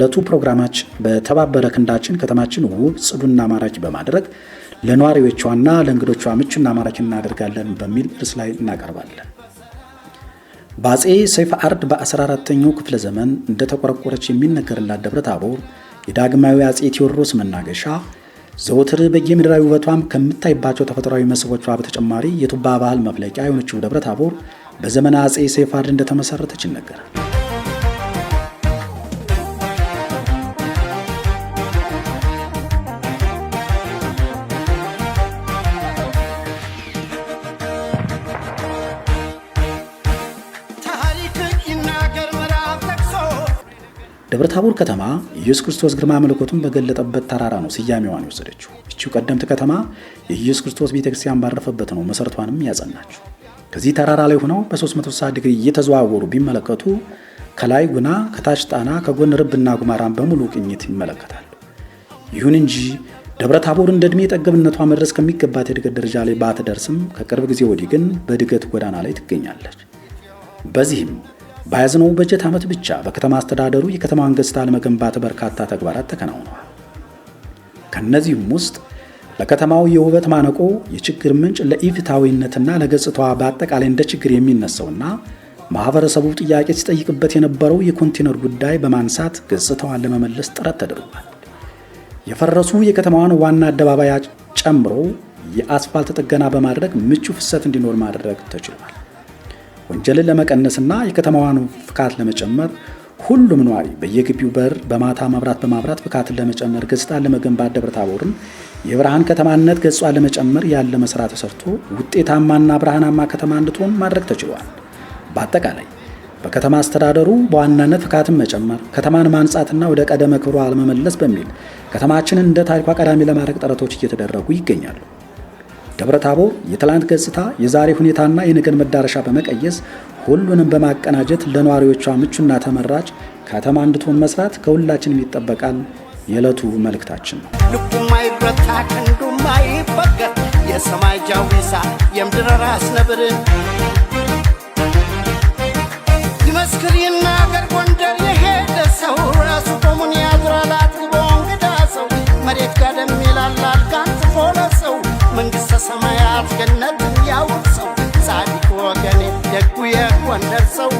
የዕለቱ ፕሮግራማችን በተባበረ ክንዳችን ከተማችን ውብ ጽዱና ማራኪ በማድረግ ለነዋሪዎቿና ለእንግዶቿ ምቹና ማራኪ እናደርጋለን በሚል ርዕስ ላይ እናቀርባለን። በአጼ ሰይፈ አርድ በ14ተኛው ክፍለ ዘመን እንደተቆረቆረች የሚነገርላት ደብረ ታቦር የዳግማዊ አጼ ቴዎድሮስ መናገሻ ዘወትር በየምድራዊ ውበቷም ከምታይባቸው ተፈጥሯዊ መስህቦቿ በተጨማሪ የቱባ ባህል መፍለቂያ የሆነችው ደብረ ታቦር በዘመነ አጼ ሰይፈ አርድ እንደተመሰረተች ይነገራል። ደብረ ታቦር ከተማ ኢየሱስ ክርስቶስ ግርማ መለኮቱን በገለጠበት ተራራ ነው ስያሜዋን የወሰደችው። እቺው ቀደምት ከተማ የኢየሱስ ክርስቶስ ቤተክርስቲያን ባረፈበት ነው መሰረቷንም ያጸናችው። ከዚህ ተራራ ላይ ሆነው በ360 ዲግሪ እየተዘዋወሩ ቢመለከቱ ከላይ ጉና፣ ከታች ጣና፣ ከጎን ርብና ጉማራን በሙሉ ቅኝት ይመለከታሉ። ይሁን እንጂ ደብረ ታቦር እንደ ዕድሜ ጠገብነቷ መድረስ ከሚገባት የእድገት ደረጃ ላይ ባትደርስም ከቅርብ ጊዜ ወዲህ ግን በእድገት ጎዳና ላይ ትገኛለች። በዚህም በያዝነው በጀት ዓመት ብቻ በከተማ አስተዳደሩ የከተማዋን ገጽታ ለመገንባት በርካታ ተግባራት ተከናውነዋል። ከእነዚህም ውስጥ ለከተማው የውበት ማነቆ የችግር ምንጭ ለኢፍታዊነትና ለገጽታዋ በአጠቃላይ እንደ ችግር የሚነሳውና ማህበረሰቡ ጥያቄ ሲጠይቅበት የነበረው የኮንቴነር ጉዳይ በማንሳት ገጽታዋን ለመመለስ ጥረት ተደርጓል። የፈረሱ የከተማዋን ዋና አደባባይ ጨምሮ የአስፋልት ጥገና በማድረግ ምቹ ፍሰት እንዲኖር ማድረግ ተችሏል። ወንጀልን ለመቀነስና የከተማዋን ፍካት ለመጨመር ሁሉም ነዋሪ በየግቢው በር በማታ መብራት በማብራት ፍካትን ለመጨመር ገጽታን ለመገንባት ደብረ ታቦርን የብርሃን ከተማነት ገጿን ለመጨመር ያለ መስራት ተሰርቶ ውጤታማና ብርሃናማ ከተማ እንድትሆን ማድረግ ተችሏል። በአጠቃላይ በከተማ አስተዳደሩ በዋናነት ፍካትን መጨመር፣ ከተማን ማንጻትና ወደ ቀደመ ክብሯ ለመመለስ በሚል ከተማችንን እንደ ታሪኳ ቀዳሚ ለማድረግ ጥረቶች እየተደረጉ ይገኛሉ። ደብረ ታቦር የትላንት ገጽታ የዛሬ ሁኔታና የነገን መዳረሻ በመቀየስ ሁሉንም በማቀናጀት ለነዋሪዎቿ ምቹና ተመራጭ ከተማ እንድትሆን መስራት ከሁላችንም ይጠበቃል። የዕለቱ መልእክታችን ነው። የሰማይ ጃዊሳ የምድር ራስ ነብር ሰማያት ገነትን ሰው ጻድቅ ወገኔ ደጉ የጎንደር ሰው